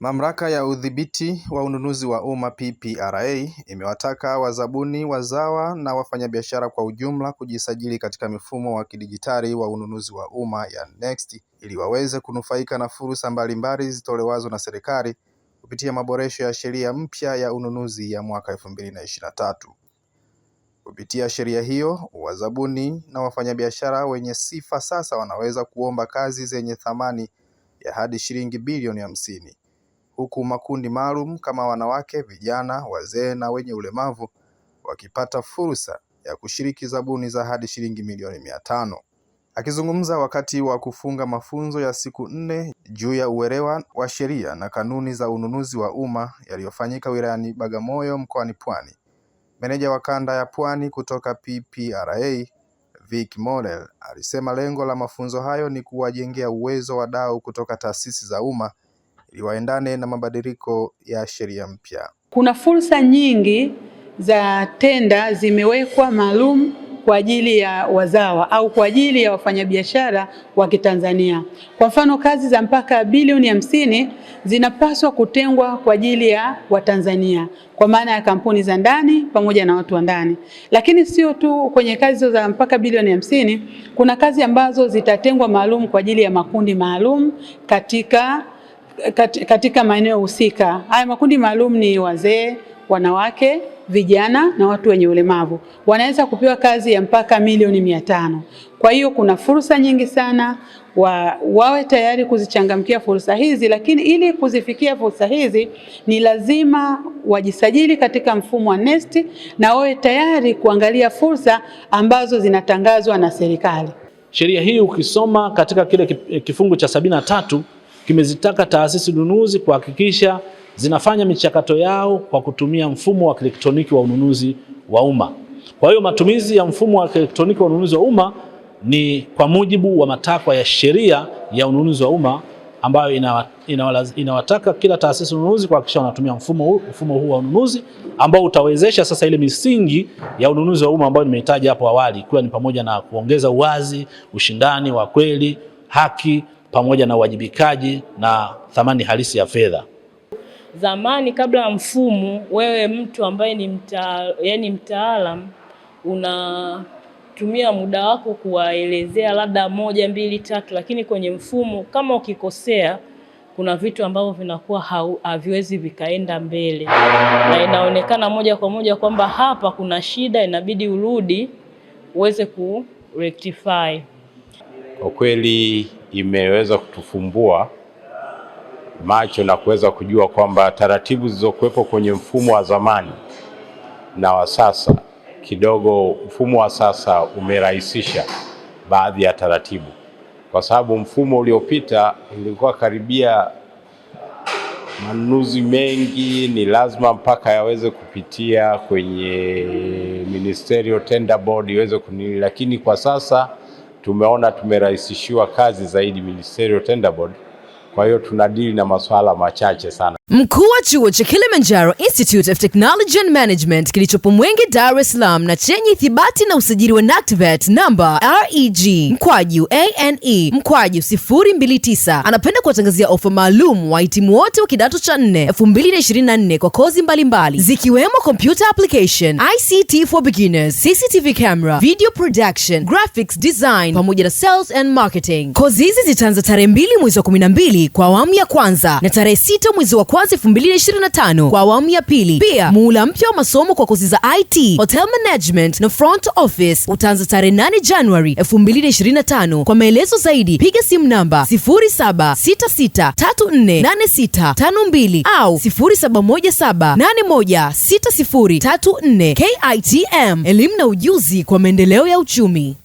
Mamlaka ya Udhibiti wa Ununuzi wa Umma PPRA imewataka wazabuni wazawa na wafanyabiashara kwa ujumla kujisajili katika mfumo wa kidijitali wa ununuzi wa umma ya NeXT ili waweze kunufaika na fursa mbalimbali zitolewazo na serikali kupitia maboresho ya sheria mpya ya ununuzi ya mwaka elfu mbili na tatu. Kupitia sheria hiyo, wazabuni na wafanyabiashara wenye sifa sasa wanaweza kuomba kazi zenye thamani ya hadi shilingi bilioni hamsini huku makundi maalum kama wanawake, vijana, wazee na wenye ulemavu wakipata fursa ya kushiriki zabuni za hadi shilingi milioni mia tano. Akizungumza wakati wa kufunga mafunzo ya siku nne juu ya uelewa wa sheria na kanuni za ununuzi wa umma yaliyofanyika wilayani Bagamoyo mkoani Pwani, meneja wa kanda ya Pwani kutoka PPRA Vic Morel alisema lengo la mafunzo hayo ni kuwajengea uwezo wadau kutoka taasisi za umma waendane na mabadiliko ya sheria mpya. Kuna fursa nyingi za tenda zimewekwa maalum kwa ajili ya wazawa au kwa ajili ya wafanyabiashara wa Kitanzania. Kwa mfano, kazi za mpaka bilioni hamsini zinapaswa kutengwa kwa ajili ya Watanzania kwa maana ya kampuni za ndani pamoja na watu wa ndani. Lakini sio tu kwenye kazi za mpaka bilioni hamsini, kuna kazi ambazo zitatengwa maalum kwa ajili ya makundi maalum katika katika maeneo husika. Haya makundi maalum ni wazee, wanawake, vijana na watu wenye ulemavu, wanaweza kupewa kazi ya mpaka milioni mia tano. Kwa hiyo kuna fursa nyingi sana wa, wawe tayari kuzichangamkia fursa hizi, lakini ili kuzifikia fursa hizi ni lazima wajisajili katika mfumo wa NeST na wawe tayari kuangalia fursa ambazo zinatangazwa na serikali. Sheria hii ukisoma katika kile kifungu cha sabini na tatu kimezitaka taasisi nunuzi kuhakikisha zinafanya michakato yao kwa kutumia mfumo wa kielektroniki wa ununuzi wa umma. Kwa hiyo matumizi ya mfumo wa kielektroniki wa ununuzi wa umma ni kwa mujibu wa matakwa ya sheria ya ununuzi wa umma ambayo inawataka kila taasisi ununuzi kuhakikisha wanatumia mfumo huu, mfumo huu wa ununuzi ambao utawezesha sasa ile misingi ya ununuzi wa umma ambayo nimehitaji hapo awali, ikiwa ni pamoja na kuongeza uwazi, ushindani wa kweli, haki pamoja na uwajibikaji na thamani halisi ya fedha. Zamani kabla ya mfumo, wewe mtu ambaye ni mta, yani mtaalam unatumia muda wako kuwaelezea labda moja mbili tatu, lakini kwenye mfumo kama ukikosea kuna vitu ambavyo vinakuwa haviwezi vikaenda mbele, na inaonekana moja kwa moja kwamba hapa kuna shida, inabidi urudi uweze rectify. Kwa kweli imeweza kutufumbua macho na kuweza kujua kwamba taratibu zilizokuwepo kwenye mfumo wa zamani na wa sasa kidogo, mfumo wa sasa umerahisisha baadhi ya taratibu, kwa sababu mfumo uliopita ilikuwa karibia manunuzi mengi ni lazima mpaka yaweze kupitia kwenye ministerio tender board iweze kunili, lakini kwa sasa tumeona tumerahisishiwa kazi zaidi Ministerial Tender Board kwa hiyo tunadili na masuala machache sana. Mkuu wa chuo cha Kilimanjaro Institute of Technology and Management kilichopo Mwenge, Dar es Salaam na chenye ithibati na usajili wa NACTVET namba reg mkwaju ane mkwaju 029 anapenda kuwatangazia ofa maalum wahitimu wote wa kidato cha 4 2024 kwa kozi mbalimbali zikiwemo computer application, ICT for beginners, CCTV camera, video production, graphics design pamoja na sales and marketing. Kozi hizi zitaanza tarehe 2 mwezi wa 12 kwa awamu ya kwanza na tarehe sita mwezi wa kwanza tano kwa awamu ya pili. Pia muula mpya wa masomo kwa kozi za IT, hotel management na front office utaanza tarehe 8 Januari tano. Kwa maelezo zaidi piga simu namba mbili au nne. KITM, elimu na ujuzi kwa maendeleo ya uchumi.